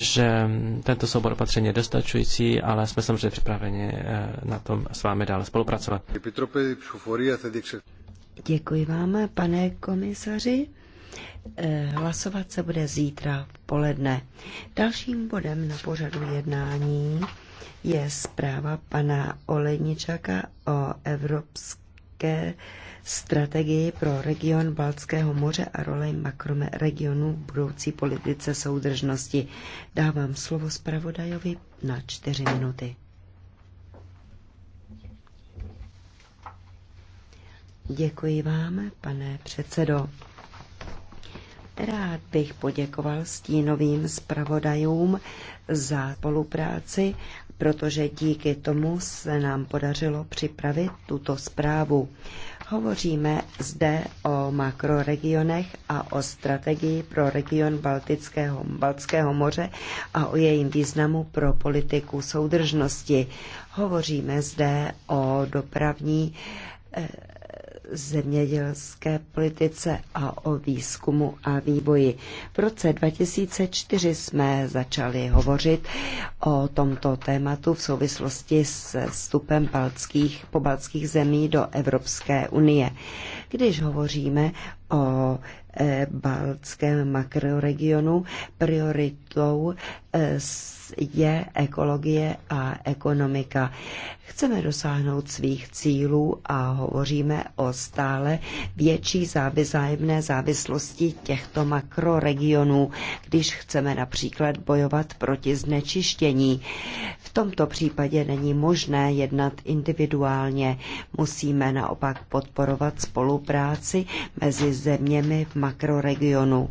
že tento soubor opatření je dostačující, ale jsme samozřejmě připraveni eh, na tom s vámi dále spolupracovat. Děkuji vám, pane komisaři. Eh, hlasovat se bude zítra v poledne. Dalším bodem na pořadu jednání je zpráva pana Olejničaka o Evropské ke strategii pro region Baltského moře a roli makroregionu v budoucí politice soudržnosti. Dávám slovo zpravodajovi na čtyři minuty. Děkuji vám, pane předsedo. Rád bych poděkoval stínovým zpravodajům za spolupráci protože díky tomu se nám podařilo připravit tuto zprávu. Hovoříme zde o makroregionech a o strategii pro region Baltického, Baltského moře a o jejím významu pro politiku soudržnosti. Hovoříme zde o dopravní eh, zemědělské politice a o výzkumu a vývoji. V roce 2004 jsme začali hovořit o tomto tématu v souvislosti s vstupem baltských, pobaltských zemí do Evropské unie. Když hovoříme o e, baltském makroregionu prioritou e, je ekologie a ekonomika. Chceme dosáhnout svých cílů a hovoříme o stále větší závizájemné závislosti těchto makroregionů, když chceme například bojovat proti znečištění. V tomto případě není možné jednat individuálně. Musíme naopak podporovat spolupráci mezi zeměmi v makroregionu,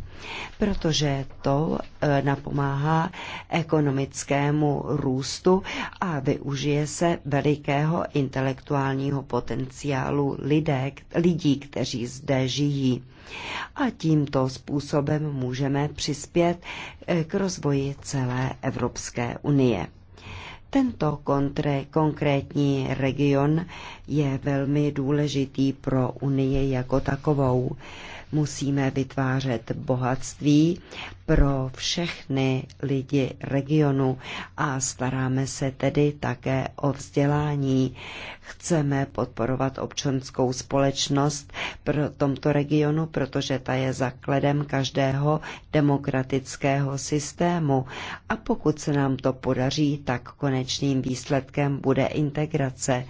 protože to e, napomáhá ekonomickému růstu a využije se velikého intelektuálního potenciálu lidé, lidí, kteří zde žijí. A tímto způsobem můžeme přispět e, k rozvoji celé Evropské unie. Tento kontré, konkrétní region je velmi důležitý pro Unii jako takovou. Musíme vytvářet bohatství pro všechny lidi regionu a staráme se tedy také o vzdělání. Chceme podporovat občanskou společnost pro tomto regionu, protože ta je základem každého demokratického systému. A pokud se nám to podaří, tak konečně konečným výsledkem bude integrace.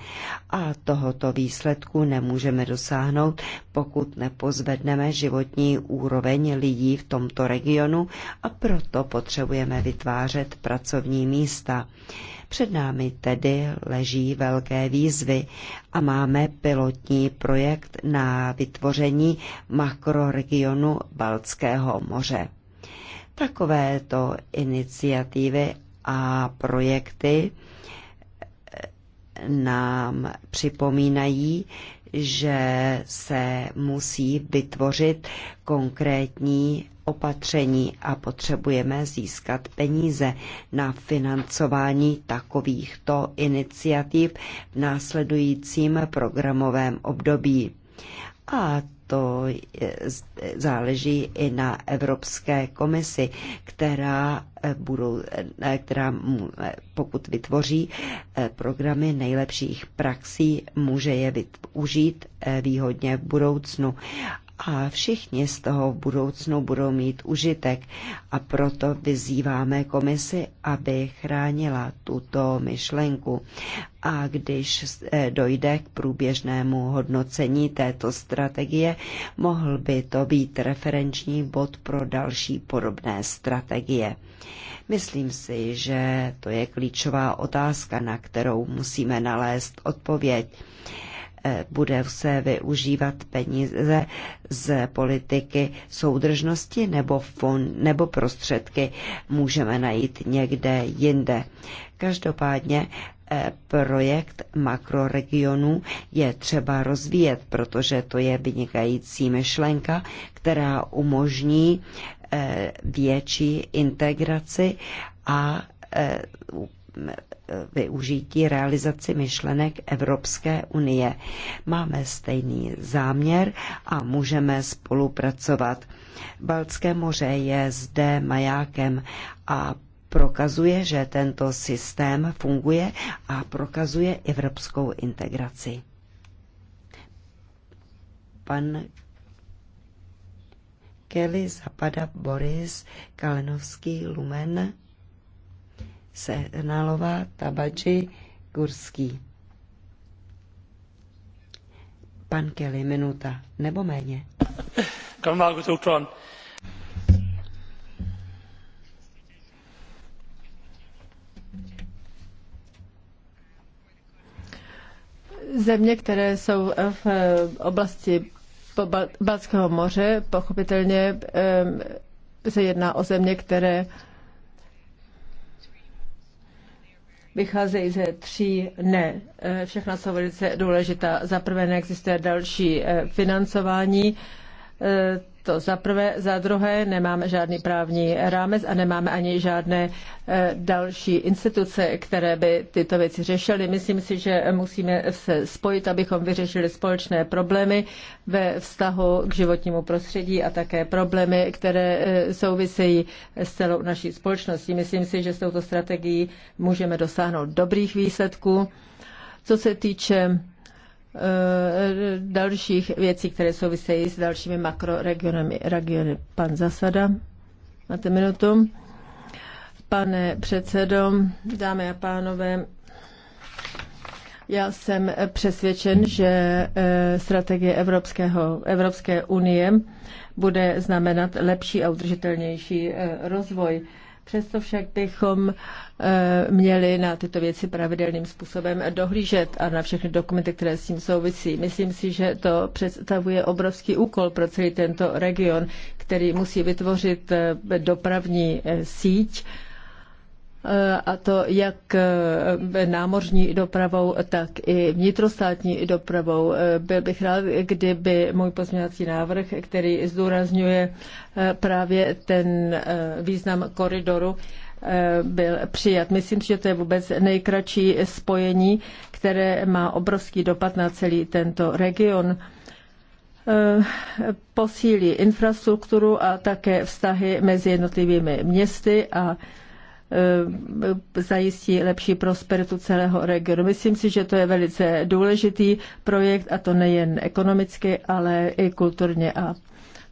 A tohoto výsledku nemůžeme dosáhnout, pokud nepozvedneme životní úroveň lidí v tomto regionu a proto potřebujeme vytvářet pracovní místa. Před námi tedy leží velké výzvy a máme pilotní projekt na vytvoření makroregionu Baltského moře. Takovéto iniciativy a projekty nám připomínají, že se musí vytvořit konkrétní opatření a potřebujeme získat peníze na financování takovýchto iniciativ v následujícím programovém období. A to záleží i na Evropské komisi, která, eh, budou, eh, která eh, pokud vytvoří programy nejlepších praxí, může je využít výhodně v budoucnu a všichni z toho v budoucnu budou mít užitek. A proto vyzýváme komisi, aby chránila tuto myšlenku. A když eh, dojde k průběžnému hodnocení této strategie, mohl by to být referenční bod pro další podobné strategie. Myslím si, že to je klíčová otázka, na kterou musíme nalézt odpověď. Eh, bude se využívat peníze z politiky soudržnosti nebo, fond, nebo prostředky můžeme najít někde jinde. Každopádně eh, projekt makroregionů je třeba rozvíjet, protože to je vynikající myšlenka, která umožní eh, větší integraci a využití realizaci myšlenek Evropské unie. Máme stejný záměr a můžeme spolupracovat. Baltské moře je zde majákem a prokazuje, že tento systém funguje a prokazuje evropskou integraci. Pan Kelly Zapada Boris Kalenovský Lumen Sehnalová, Tabači, Kurský. Pan Kelly, minuta, nebo méně. Země, které jsou v eh, oblasti Balckého moře, pochopitelně eh, se jedná o země, které vycházejí ze tří ne. Eh, Všechna jsou velice důležitá. Za prvé neexistuje další eh, financování E, to za prvé, za druhé nemáme žádný právní rámec a nemáme ani žádné e, další instituce, které by tyto věci řešily. Myslím si, že musíme se spojit, abychom vyřešili společné problémy ve vztahu k životnímu prostředí a také problémy, které e, souvisejí s celou naší společností. Myslím si, že s touto strategií můžeme dosáhnout dobrých výsledků. Co se týče Eh, dalších věcí, které souvisejí s dalšími makroregionami. Regiony. Pan Zasada, máte minutu. Pane předsedo, dámy a pánové, já jsem přesvědčen, že eh, strategie Evropského, Evropské unie bude znamenat lepší a udržitelnější eh, rozvoj. Přesto však bychom eh, měli na tyto věci pravidelným způsobem dohlížet a na všechny dokumenty, které s tím souvisí. Myslím si, že to představuje obrovský úkol pro celý tento region, který musí vytvořit eh, dopravní eh, síť, a to jak eh, námořní dopravou, tak i vnitrostátní dopravou. Eh, byl bych rád, kdyby můj pozměňovací návrh, který zdůrazňuje eh, právě ten význam koridoru, byl přijat. Myslím si, že to je vůbec nejkratší spojení, které má obrovský dopad na celý tento region posílí infrastrukturu a také vztahy mezi jednotlivými městy a Eh, zajistí lepší prosperitu celého regionu. Myslím si, že to je velice důležitý projekt, a to nejen ekonomicky, ale i kulturně a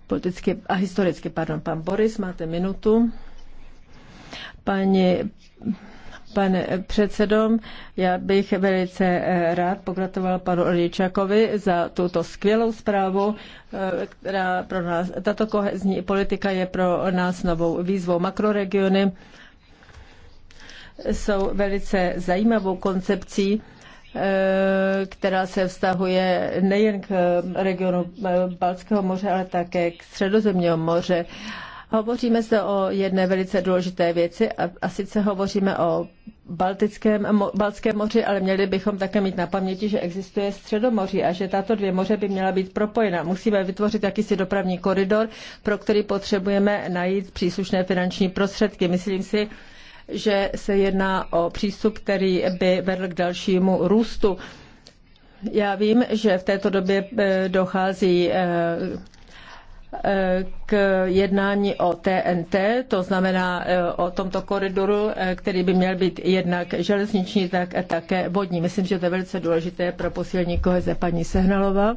politicky a historicky. Pardon, pan Boris, máte minutu. Pani, pane předsedom, já bych velice eh, rád pogratuloval panu Oličakovi za tuto skvělou zprávu, eh, která pro nás, tato kohezní politika je pro nás novou výzvou makroregiony jsou velice zajímavou koncepcí, eh, která se vztahuje nejen k eh, regionu eh, Balckého moře, ale také k Středozemního moře. Hovoříme se o jedné velice důležité věci a, a sice hovoříme o Baltickém, mo, Baltském moři, ale měli bychom také mít na paměti, že existuje Středomoří a že tato dvě moře by měla být propojena. Musíme vytvořit jakýsi dopravní koridor, pro který potřebujeme najít příslušné finanční prostředky. Myslím si, že se jedná o přístup, který by vedl k dalšímu růstu. Já vím, že v této době eh, dochází eh, eh, k jednání o TNT, to znamená o tomto koridoru, který by měl být jednak železniční, tak také vodní. Myslím, že to je velice důležité pro posílení koheze paní Sehnalova.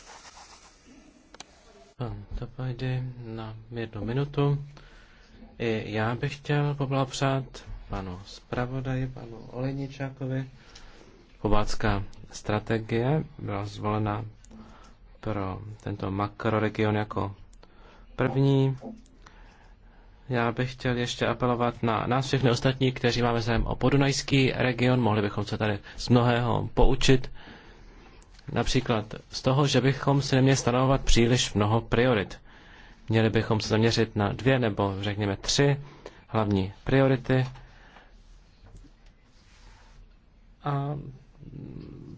To Tapajdy na jednu minutu. I já bych chtěl poblapřát panu zpravodaji, panu Oleničákovi. Chobácká strategie byla zvolena pro tento makroregion jako první. Já bych chtěl ještě apelovat na nás všechny ostatní, kteří máme zájem o podunajský region. Mohli bychom se tady z mnohého poučit. Například z toho, že bychom si neměli stanovovat příliš mnoho priorit. Měli bychom se zaměřit na dvě nebo řekněme tři hlavní priority a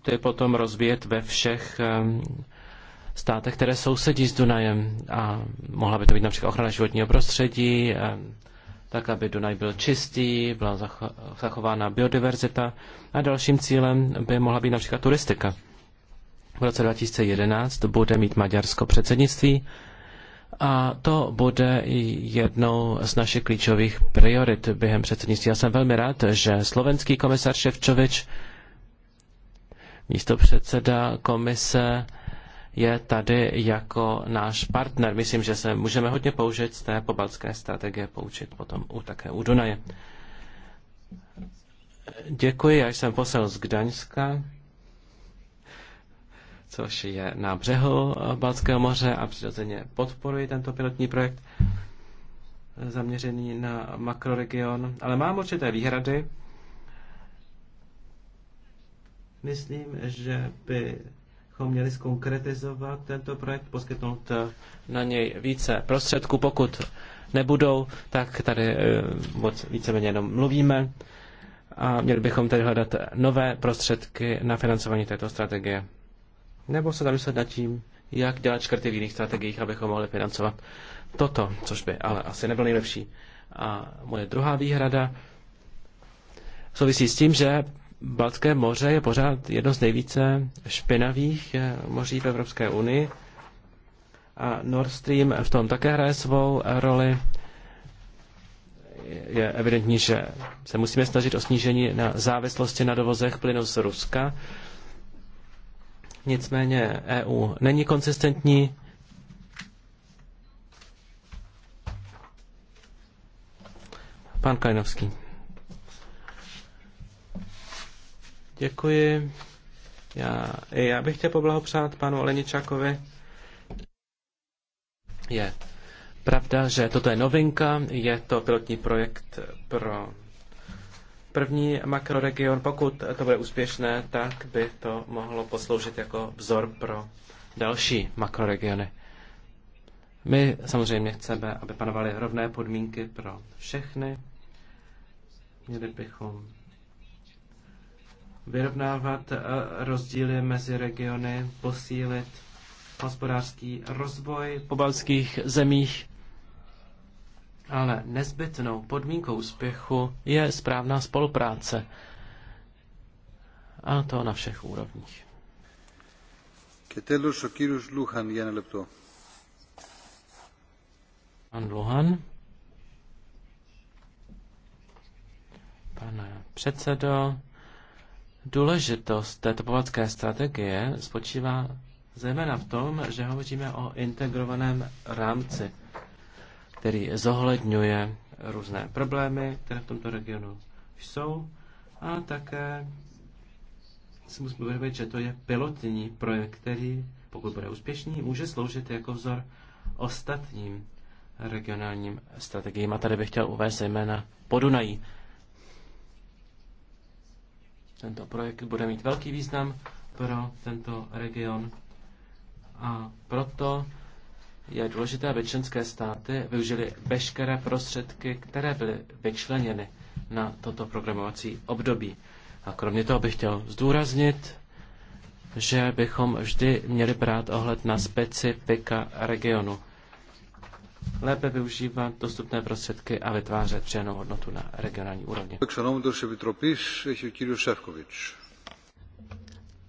ty potom rozvíjet ve všech státech, které sousedí s Dunajem. A mohla by to být například ochrana životního prostředí, tak aby Dunaj byl čistý, byla zachována biodiverzita. A dalším cílem by mohla být například turistika v roce 2011 bude mít Maďarsko předsednictví a to bude jednou z našich klíčových priorit během předsednictví. Já jsem velmi rád, že slovenský komisař Ševčovič, místo předseda komise, je tady jako náš partner. Myslím, že se můžeme hodně použít z té pobalské strategie, poučit potom u, také u Dunaje. Děkuji, já jsem posel z Gdaňska což je na břehu eh, Balckého moře a přirozeně podporuji tento pilotní projekt eh, zaměřený na makroregion, ale mám určité výhrady. Myslím, že bychom měli skonkretizovat tento projekt, poskytnout eh, na něj více prostředků. Pokud nebudou, tak tady moc víceméně jenom mluvíme a měli bychom tedy hledat nové prostředky na financování této strategie nebo se zamyslet nad tím, jak dělat škrty v jiných strategiích, abychom mohli financovat toto, což by ale asi nebyl nejlepší. A moje druhá výhrada souvisí s tím, že Baltské moře je pořád jedno z nejvíce špinavých eh, moří v Evropské unii a Nord Stream v tom také hraje svou roli. Je evidentní, že se musíme snažit o snížení na závislosti na dovozech plynu z Ruska Nicméně EU není konsistentní. Pan Kajnovský. Děkuji. Já, já bych chtěl poblahopřát panu Oleničákovi. Je pravda, že toto je novinka, je to pilotní projekt pro První makroregion, pokud to bude úspěšné, tak by to mohlo posloužit jako vzor pro další makroregiony. My samozřejmě chceme, aby panovaly rovné podmínky pro všechny. Měli bychom vyrovnávat eh, rozdíly mezi regiony, posílit hospodářský rozvoj po balských zemích ale nezbytnou podmínkou úspěchu je správná spolupráce. A to na všech úrovních. Pan Luhan. Pane předsedo, důležitost této povodské strategie spočívá zejména v tom, že hovoříme o integrovaném rámci který zohledňuje různé problémy, které v tomto regionu jsou a také si musíme uvědomit, že to je pilotní projekt, který, pokud bude úspěšný, může sloužit jako vzor ostatním regionálním strategiím. A tady bych chtěl uvést zejména Podunají. Tento projekt bude mít velký význam pro tento region a proto je důležité, aby členské státy využili veškeré prostředky, které byly vyčleněny na toto programovací období. A kromě toho bych chtěl zdůraznit, že bychom vždy měli brát ohled na specifika regionu. Lépe využívat dostupné prostředky a vytvářet přidanou hodnotu na regionální úrovni.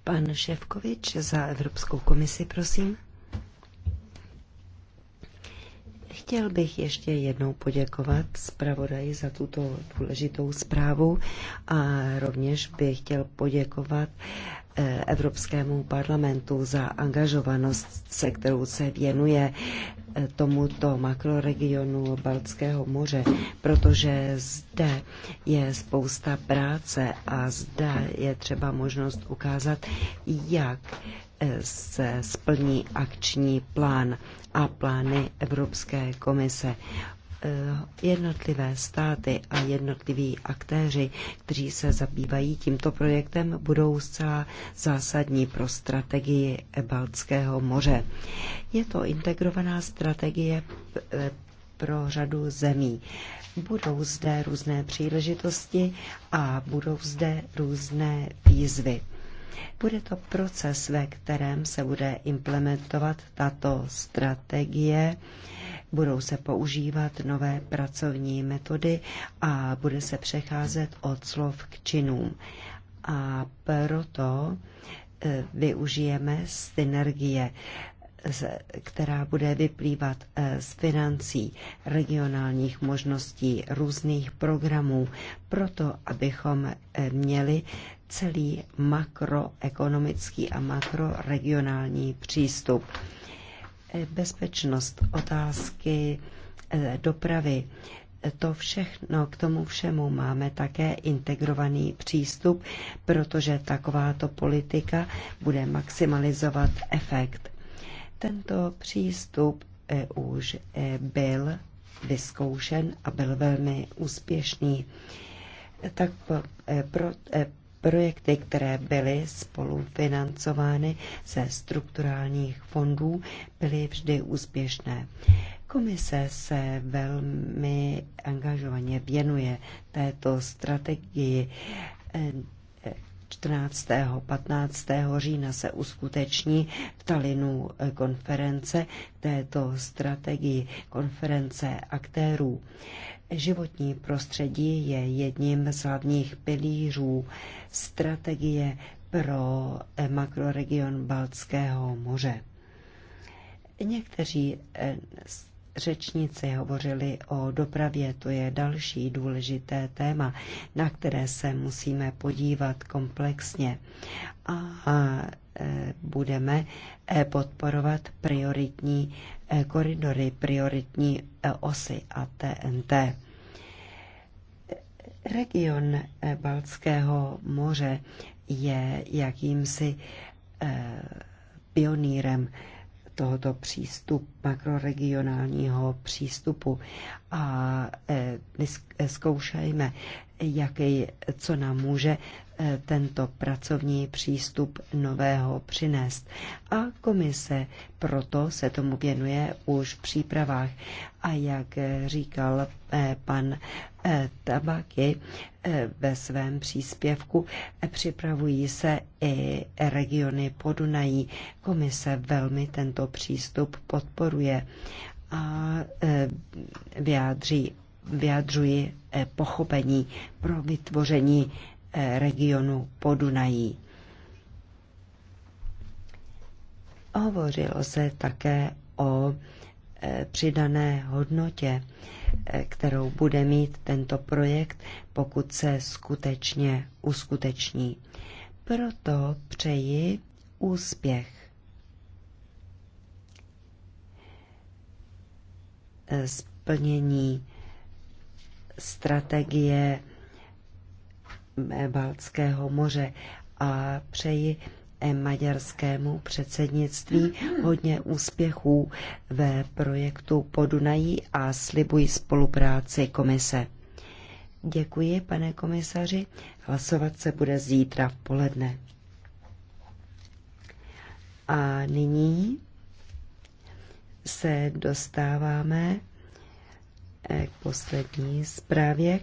Pan Ševkovič za Evropskou komisi, prosím. Chtěl bych ještě jednou poděkovat zpravodaji za tuto důležitou zprávu a rovněž bych chtěl poděkovat eh, Evropskému parlamentu za angažovanost, se kterou se věnuje tomuto makroregionu Baltského moře, protože zde je spousta práce a zde je třeba možnost ukázat, jak se splní akční plán a plány Evropské komise. Eh, jednotlivé státy a jednotliví aktéři, kteří se zabývají tímto projektem, budou zcela zásadní pro strategii Baltského moře. Je to integrovaná strategie eh, pro řadu zemí. Budou zde různé příležitosti a budou zde různé výzvy. Bude to proces, ve kterém se bude implementovat tato strategie budou se používat nové pracovní metody a bude se přecházet od slov k činům. A proto e, využijeme synergie která bude vyplývat e, z financí, regionálních možností, různých programů, proto abychom e, měli celý makroekonomický a makroregionální přístup. Eh, bezpečnost, otázky eh, dopravy. Eh, to všechno, k tomu všemu máme také integrovaný přístup, protože takováto politika bude maximalizovat efekt. Tento přístup už byl vyzkoušen a byl velmi úspěšný. Tak pro, projekty, které byly spolufinancovány ze strukturálních fondů, byly vždy úspěšné. Komise se velmi angažovaně věnuje této strategii. 14. 15. října se uskuteční v Talinu konference této strategii konference aktérů. Životní prostředí je jedním z hlavních pilířů strategie pro eh, makroregion Baltského moře. Někteří eh, řečníci hovořili o dopravě, to je další důležité téma, na které se musíme podívat komplexně. A eh, budeme podporovat prioritní Eh, koridory prioritní eh, osy a TNT. Region eh, Baltského moře je jakýmsi pionýrem tohoto přístupu makroregionálního přístupu a zkoušejme, jaký, co nám může Eh, tento pracovní přístup nového přinést. A komise proto se tomu věnuje už v přípravách. A jak říkal eh, pan eh, Tabaky ve svém příspěvku, připravují se i regiony Podunají. Komise velmi tento přístup podporuje a vyjádří, vyjadřuji pochopení pro vytvoření regionu Podunají. Hovořilo se také o e, přidané hodnotě, e, kterou bude mít tento projekt, pokud se skutečně uskuteční. Proto přeji úspěch. E, splnění strategie Baltského moře a přeji eh, maďarskému předsednictví hodně úspěchů ve projektu Podunají a slibuji spolupráci komise. Děkuji, pane komisaři. Hlasovat se bude zítra v poledne. A nyní se dostáváme eh, k poslední zprávě,